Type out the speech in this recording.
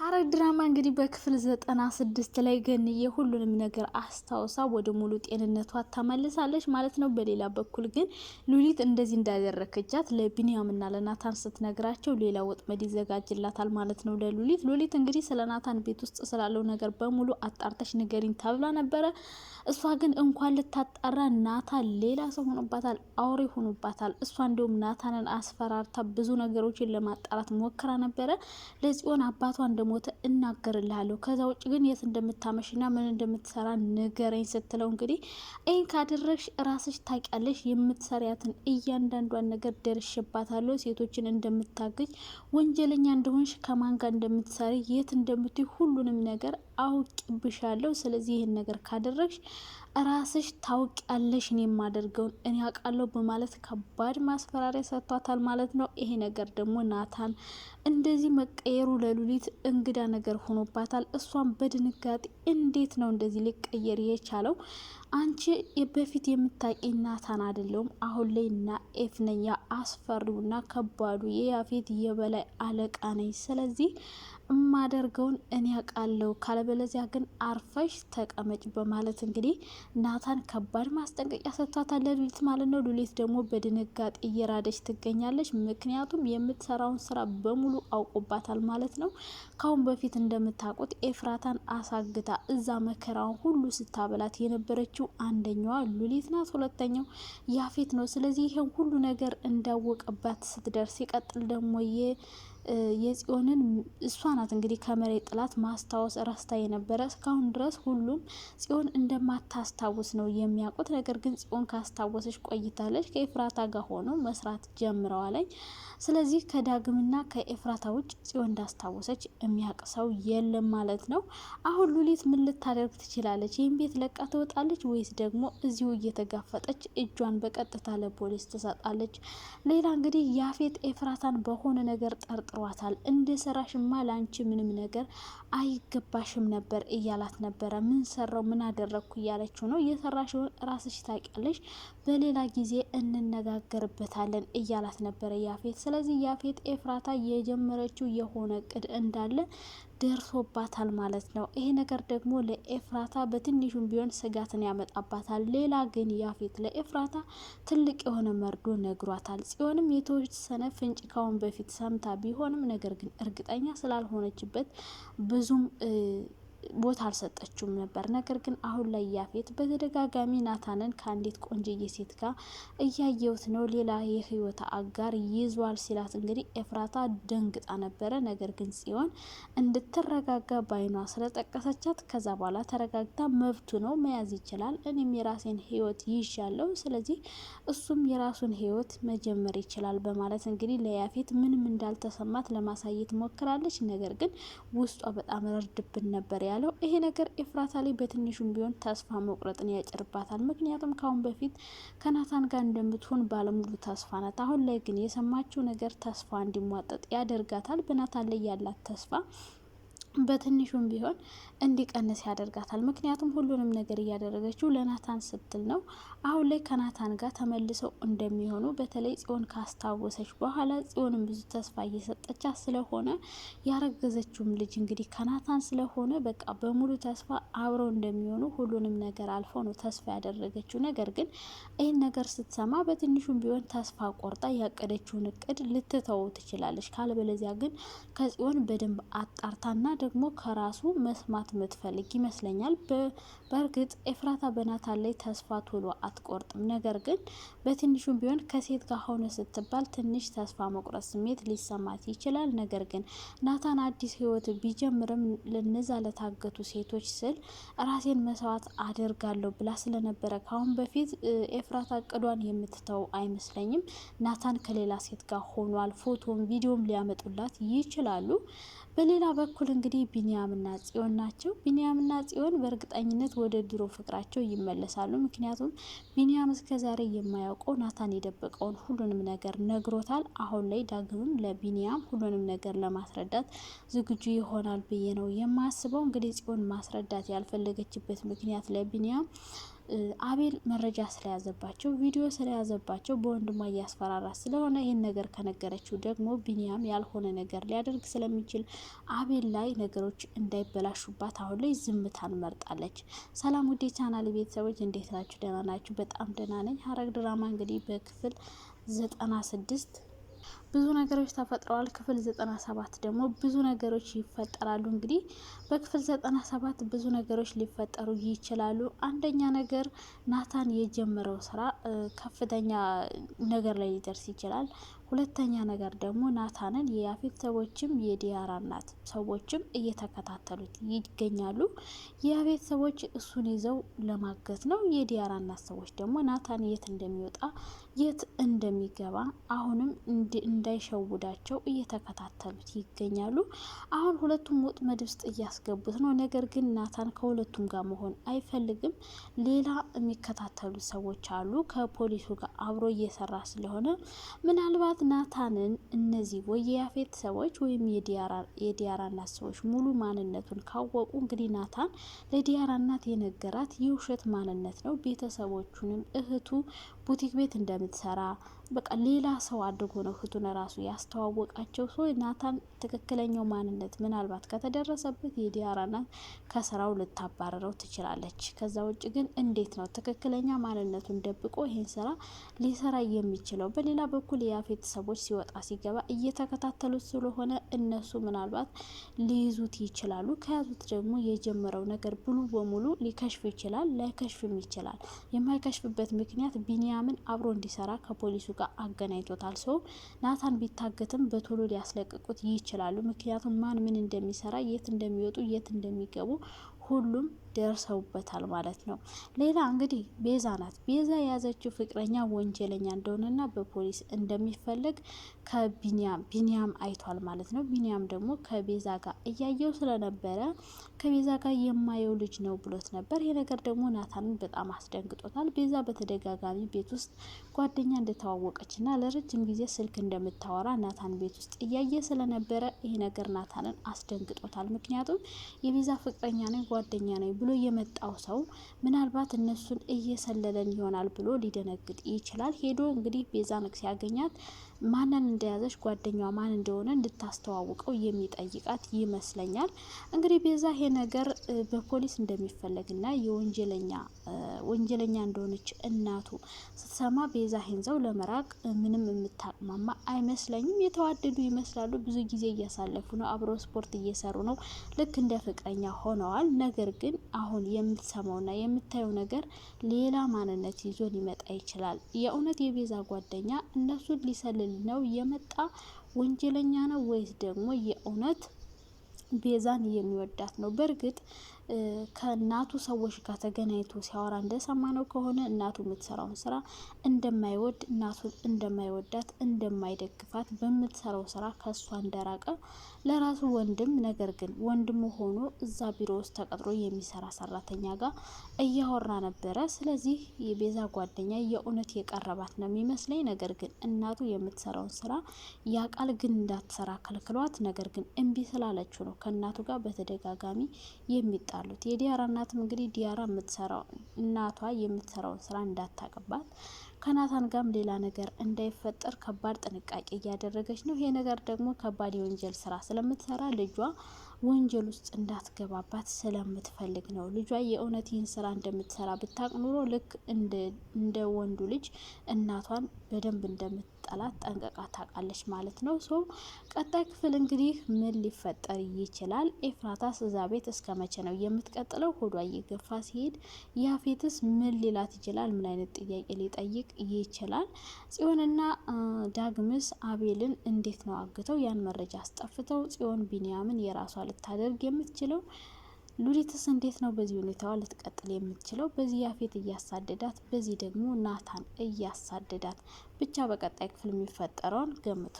ሐረግ ድራማ እንግዲህ በክፍል ዘጠና ስድስት ላይ ገንዬ ሁሉንም ነገር አስታውሳ ወደ ሙሉ ጤንነቷ ታመልሳለች ማለት ነው። በሌላ በኩል ግን ሉሊት እንደዚህ እንዳደረከቻት ለቢንያምና ለናታን ስትነግራቸው ሌላ ወጥመድ ይዘጋጅላታል ማለት ነው ለሉሊት። ሉሊት እንግዲህ ስለ ናታን ቤት ውስጥ ስላለው ነገር በሙሉ አጣርተሽ ንገሪኝ ተብላ ነበረ። እሷ ግን እንኳን ልታጣራ ናታን ሌላ ሰው ሆኖባታል፣ አውሬ ሆኖባታል። እሷ እንዲሁም ናታንን አስፈራርታ ብዙ ነገሮችን ለማጣራት ሞክራ ነበረ። ለጽዮን አባቷ እንደሞተ እናገርልሃለሁ። ከዛ ውጭ ግን የት እንደምታመሽና ምን እንደምትሰራ ንገረኝ ስትለው እንግዲህ ይህን ካደረግሽ ራስሽ ታውቂያለሽ፣ የምትሰሪያትን እያንዳንዷን ነገር ደርሽባታለሁ። ሴቶችን እንደምታገጅ፣ ወንጀለኛ እንደሆንሽ፣ ከማን ጋር እንደምትሰሪ፣ የት እንደምትይ ሁሉንም ነገር አውቅብሻለሁ። ስለዚህ ይህን ነገር ካደረግሽ ራስሽ ታውቂያለሽ እኔ የማደርገውን እኔ አውቃለሁ በማለት ከባድ ማስፈራሪያ ሰጥቷታል ማለት ነው። ይሄ ነገር ደግሞ ናታን እንደዚህ መቀየሩ ለሉሊት እንግዳ ነገር ሆኖባታል። እሷን በድንጋጤ እንዴት ነው እንደዚህ ሊቀየር የቻለው? አንቺ በፊት የምታውቂ ናታን አይደለውም አሁን ላይ ና ኤፍ ነኝ፣ ያ አስፈሪውና ከባዱ የያፌት የበላይ አለቃ ነኝ። ስለዚህ የማደርገውን እኔ አውቃለሁ፣ ካለበለዚያ ግን አርፈሽ ተቀመጭ በማለት እንግዲህ ናታን ከባድ ማስጠንቀቂያ ሰጥቷታል ለሉሊት ማለት ነው። ሉሊት ደግሞ በድንጋጤ እየራደች ትገኛለች። ምክንያቱም የምትሰራውን ስራ በሙሉ አውቆባታል ማለት ነው። ካሁን በፊት እንደምታውቁት ኤፍራታን አሳግታ እዛ መከራውን ሁሉ ስታበላት የነበረችው አንደኛዋ ሉሊት ናት፣ ሁለተኛው ያፌት ነው። ስለዚህ ይህን ሁሉ ነገር እንዳወቀባት ስትደርስ ይቀጥል ደግሞ የጽዮንን እሷ ናት እንግዲህ ከመሬት ጥላት ማስታወስ ረስታ የነበረ እስካሁን ድረስ ሁሉም ጽዮን እንደማታስታውስ ነው የሚያውቁት። ነገር ግን ጽዮን ካስታወሰች ቆይታለች። ከኤፍራታ ጋር ሆኖ መስራት ጀምረዋለኝ። ስለዚህ ከዳግምና ከኤፍራታ ውጭ ጽዮን እንዳስታወሰች የሚያውቅ ሰው የለም ማለት ነው። አሁን ሉሊት ምን ልታደርግ ትችላለች? ይህም ቤት ለቃ ትወጣለች ወይስ ደግሞ እዚሁ እየተጋፈጠች እጇን በቀጥታ ለፖሊስ ትሰጣለች? ሌላ እንግዲህ ያፌት ኤፍራታን በሆነ ነገር ጠርጥሮ አፍቅሯታል። እንደ ሰራሽማ ለአንቺ ምንም ነገር አይገባሽም ነበር እያላት ነበረ። ምን ሰራው ምን አደረግኩ እያለችው ነው። የሰራሽውን ራስሽ ታውቂያለሽ፣ በሌላ ጊዜ እንነጋገርበታለን እያላት ነበረ ያፌት። ስለዚህ ያፌት ኤፍራታ የጀመረችው የሆነ እቅድ እንዳለ ደርሶባታል ማለት ነው። ይሄ ነገር ደግሞ ለኤፍራታ በትንሹም ቢሆን ስጋትን ያመጣባታል። ሌላ ግን ያፌት ለኤፍራታ ትልቅ የሆነ መርዶ ነግሯታል። ጽዮንም የተወሰነ ፍንጭ ካሁን በፊት ሰምታ ቢሆንም ነገር ግን እርግጠኛ ስላልሆነችበት ብዙም ቦታ አልሰጠችውም ነበር። ነገር ግን አሁን ላይ ያፌት በተደጋጋሚ ናታንን ከአንዲት ቆንጅዬ ሴት ጋር እያየውት ነው፣ ሌላ የህይወት አጋር ይዟል ሲላት እንግዲህ ኤፍራታ ደንግጣ ነበረ። ነገር ግን ጽዮን እንድትረጋጋ ባይኗ ስለጠቀሰቻት ከዛ በኋላ ተረጋግታ መብቱ ነው መያዝ ይችላል፣ እኔም የራሴን ህይወት ይዣለሁ፣ ስለዚህ እሱም የራሱን ህይወት መጀመር ይችላል በማለት እንግዲህ ለያፌት ምንም እንዳልተሰማት ለማሳየት ሞክራለች። ነገር ግን ውስጧ በጣም ረርድብን ነበር ያለው። ይሄ ነገር ኤፍራታ ላይ በትንሹም ቢሆን ተስፋ መቁረጥን ያጭርባታል። ምክንያቱም ካሁን በፊት ከናታን ጋር እንደምትሆን ባለሙሉ ተስፋ ናት። አሁን ላይ ግን የሰማችው ነገር ተስፋ እንዲሟጠጥ ያደርጋታል። በናታን ላይ ያላት ተስፋ በትንሹም ቢሆን እንዲቀንስ ያደርጋታል። ምክንያቱም ሁሉንም ነገር እያደረገችው ለናታን ስትል ነው። አሁን ላይ ከናታን ጋር ተመልሰው እንደሚሆኑ በተለይ ጽዮን ካስታወሰች በኋላ ጽዮንም ብዙ ተስፋ እየሰጠቻት ስለሆነ ያረገዘችውም ልጅ እንግዲህ ከናታን ስለሆነ በቃ በሙሉ ተስፋ አብረው እንደሚሆኑ ሁሉንም ነገር አልፈው ነው ተስፋ ያደረገችው። ነገር ግን ይህን ነገር ስትሰማ በትንሹም ቢሆን ተስፋ ቆርጣ ያቀደችውን እቅድ ልትተው ትችላለች። ካልበለዚያ ግን ከጽዮን በደንብ አጣርታና ደግሞ ከራሱ መስማት የምትፈልግ ይመስለኛል። በእርግጥ ኤፍራታ በናታን ላይ ተስፋ ቶሎ አትቆርጥም። ነገር ግን በትንሹም ቢሆን ከሴት ጋር ሆነ ስትባል ትንሽ ተስፋ መቁረጥ ስሜት ሊሰማት ይችላል። ነገር ግን ናታን አዲስ ህይወት ቢጀምርም ለነዛ ለታገቱ ሴቶች ስል ራሴን መስዋዕት አደርጋለሁ ብላ ስለነበረ ከአሁን በፊት ኤፍራታ እቅዷን የምትተው አይመስለኝም። ናታን ከሌላ ሴት ጋር ሆኗል። ፎቶም ቪዲዮም ሊያመጡላት ይችላሉ። በሌላ በኩል እንግዲህ ቢንያምና ጽዮን ናቸው። ቢንያምና ጽዮን በእርግጠኝነት ወደ ድሮ ፍቅራቸው ይመለሳሉ። ምክንያቱም ቢንያም እስከዛሬ የማያውቀው ናታን የደበቀውን ሁሉንም ነገር ነግሮታል። አሁን ላይ ዳግምም ለቢንያም ሁሉንም ነገር ለማስረዳት ዝግጁ ይሆናል ብዬ ነው የማስበው። እንግዲህ ጽዮን ማስረዳት ያልፈለገችበት ምክንያት ለቢንያም አቤል መረጃ ስለያዘባቸው ቪዲዮ ስለያዘባቸው በወንድሟ እያስፈራራ ስለሆነ ይህን ነገር ከነገረችው ደግሞ ቢኒያም ያልሆነ ነገር ሊያደርግ ስለሚችል አቤል ላይ ነገሮች እንዳይበላሹባት አሁን ላይ ዝምታን መርጣለች። ሰላም ውዴ ቻናል ቤተሰቦች እንዴት ናችሁ? ደህና ናችሁ? በጣም ደህና ነኝ። ሐረግ ድራማ እንግዲህ በክፍል ዘጠና ስድስት ብዙ ነገሮች ተፈጥረዋል። ክፍል ዘጠና ሰባት ደግሞ ብዙ ነገሮች ይፈጠራሉ። እንግዲህ በክፍል ዘጠና ሰባት ብዙ ነገሮች ሊፈጠሩ ይችላሉ። አንደኛ ነገር ናታን የጀመረው ስራ ከፍተኛ ነገር ላይ ሊደርስ ይችላል። ሁለተኛ ነገር ደግሞ ናታንን የያፌት ሰዎችም የዲያራ እናት ሰዎችም እየተከታተሉት ይገኛሉ። የያፌት ሰዎች እሱን ይዘው ለማገት ነው። የዲያራ እናት ሰዎች ደግሞ ናታን የት እንደሚወጣ የት እንደሚገባ አሁንም እንዳይሸውዳቸው እየተከታተሉት ይገኛሉ። አሁን ሁለቱም ወጥመድ ውስጥ እያስገቡት ነው። ነገር ግን ናታን ከሁለቱም ጋር መሆን አይፈልግም። ሌላ የሚከታተሉት ሰዎች አሉ። ከፖሊሱ ጋር አብሮ እየሰራ ስለሆነ ምናልባት ናታንን እነዚህ ወይ የያፌት ሰዎች ወይም የዲያራ እናት ሰዎች ሙሉ ማንነቱን ካወቁ እንግዲህ ናታን ለዲያራ እናት የነገራት የውሸት ማንነት ነው። ቤተሰቦቹንም እህቱ ቡቲክ ቤት እንደምትሰራ በቃ ሌላ ሰው አድርጎ ነው እህቱን ራሱ ያስተዋወቃቸው። ሶ ናታን ትክክለኛው ማንነት ምናልባት ከተደረሰበት የዲያራ ናት ከስራው ልታባረረው ትችላለች። ከዛ ውጭ ግን እንዴት ነው ትክክለኛ ማንነቱን ደብቆ ይህን ስራ ሊሰራ የሚችለው? በሌላ በኩል የያፌት ሰዎች ሲወጣ ሲገባ እየተከታተሉት ስለሆነ እነሱ ምናልባት ሊይዙት ይችላሉ። ከያዙት ደግሞ የጀመረው ነገር ብሉ በሙሉ ሊከሽፍ ይችላል፣ ላይከሽፍም ይችላል። የማይከሽፍበት ምክንያት ቢኒያ ቢንያምን አብሮ እንዲሰራ ከፖሊሱ ጋር አገናኝቶታል። ሰው ናታን ቢታገትም በቶሎ ሊያስለቅቁት ይችላሉ። ምክንያቱም ማን ምን እንደሚሰራ፣ የት እንደሚወጡ፣ የት እንደሚገቡ ሁሉም ደርሰውበታል ማለት ነው። ሌላ እንግዲህ ቤዛ ናት። ቤዛ የያዘችው ፍቅረኛ ወንጀለኛ እንደሆነና በፖሊስ እንደሚፈለግ ከቢኒያም ቢኒያም አይቷል ማለት ነው። ቢኒያም ደግሞ ከቤዛ ጋር እያየው ስለነበረ ከቤዛ ጋር የማየው ልጅ ነው ብሎት ነበር። ይህ ነገር ደግሞ ናታንን በጣም አስደንግጦታል። ቤዛ በተደጋጋሚ ቤት ውስጥ ጓደኛ እንደተዋወቀችና ለረጅም ጊዜ ስልክ እንደምታወራ ናታን ቤት ውስጥ እያየ ስለነበረ ይህ ነገር ናታንን አስደንግጦታል። ምክንያቱም የቤዛ ፍቅረኛ ነኝ ጓደኛ ነኝ ብሎ የመጣው ሰው ምናልባት እነሱን እየሰለለን ይሆናል ብሎ ሊደነግጥ ይችላል። ሄዶ እንግዲህ ቤዛን ሲያገኛት ማንን እንደያዘች ጓደኛዋ ማን እንደሆነ እንድታስተዋውቀው የሚጠይቃት ይመስለኛል። እንግዲህ ቤዛ ይሄ ነገር በፖሊስ እንደሚፈለግና የወንጀለኛ ወንጀለኛ እንደሆነች እናቱ ስትሰማ ቤዛ ሄንዘው ለመራቅ ምንም የምታቅማማ አይመስለኝም። የተዋደዱ ይመስላሉ። ብዙ ጊዜ እያሳለፉ ነው። አብረው ስፖርት እየሰሩ ነው። ልክ እንደ ፍቅረኛ ሆነዋል። ነገር ግን አሁን የምትሰማውና የምታየው ነገር ሌላ ማንነት ይዞ ሊመጣ ይችላል። የእውነት የቤዛ ጓደኛ እነሱን ሊሰልል ነው የመጣ ወንጀለኛ ነው ወይስ ደግሞ የእውነት ቤዛን የሚወዳት ነው? በእርግጥ ከእናቱ ሰዎች ጋር ተገናኝቶ ሲያወራ እንደሰማ ነው ከሆነ እናቱ የምትሰራውን ስራ እንደማይወድ እናቱ እንደማይወዳት እንደማይደግፋት በምትሰራው ስራ ከእሷ እንደራቀ ለራሱ ወንድም ነገር ግን ወንድሙ ሆኖ እዛ ቢሮ ውስጥ ተቀጥሮ የሚሰራ ሰራተኛ ጋር እያወራ ነበረ። ስለዚህ የቤዛ ጓደኛ የእውነት የቀረባት ነው የሚመስለኝ። ነገር ግን እናቱ የምትሰራውን ስራ ያቃል፣ ግን እንዳትሰራ ከልክሏት፣ ነገር ግን እምቢ ስላለችው ነው ከእናቱ ጋር በተደጋጋሚ የሚጣ አሉት። የዲያራ እናትም እንግዲህ ዲያራ የምትሰራው እናቷ የምትሰራውን ስራ እንዳታቅባት ከናታን ጋርም ሌላ ነገር እንዳይፈጠር ከባድ ጥንቃቄ እያደረገች ነው። ይሄ ነገር ደግሞ ከባድ የወንጀል ስራ ስለምትሰራ ልጇ ወንጀል ውስጥ እንዳትገባባት ስለምትፈልግ ነው። ልጇ የእውነት ይህን ስራ እንደምትሰራ ብታቅ ኑሮ ልክ እንደ ወንዱ ልጅ እናቷን በደንብ እንደምትጠላት ጠንቀቃ ታውቃለች ማለት ነው። ሶ ቀጣይ ክፍል እንግዲህ ምን ሊፈጠር ይችላል? ኤፍራታስ እዛ ቤት እስከ መቼ ነው የምትቀጥለው? ሆዷ እየገፋ ሲሄድ ያፌትስ ምን ሊላት ይችላል? ምን አይነት ጥያቄ ሊጠይቅ ሊጠይቅ ይችላል። ጽዮንና ዳግምስ አቤልን እንዴት ነው አግተው ያን መረጃ አስጠፍተው ጽዮን ቢንያምን የራሷ ልታደርግ የምትችለው? ሉሊትስ እንዴት ነው በዚህ ሁኔታዋ ልትቀጥል የምትችለው? በዚህ ያፌት እያሳደዳት፣ በዚህ ደግሞ ናታን እያሳደዳት። ብቻ በቀጣይ ክፍል የሚፈጠረውን ገምቱ።